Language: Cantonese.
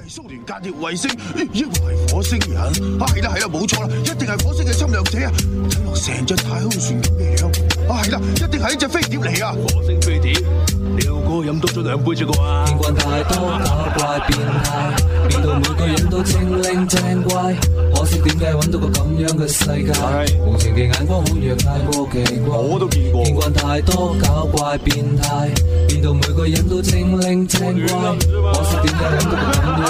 係蘇聯間諜衛星，抑或係火星人？啊，係啦係啦，冇錯啦，一定係火星嘅侵略者啊！睇落成隻太空船咁嘅樣，啊係啦，一定係一隻飛碟嚟啊！火星飛碟，廖哥飲多咗兩杯啫啩？見慣太多搞怪變態，見到每個人都精靈精怪。可惜點解揾到個咁樣嘅世界？無情嘅眼光好弱，太過奇怪。我都見過。見慣太多搞怪變態，見到每個人都精靈精怪。可惜點解揾到個咁樣？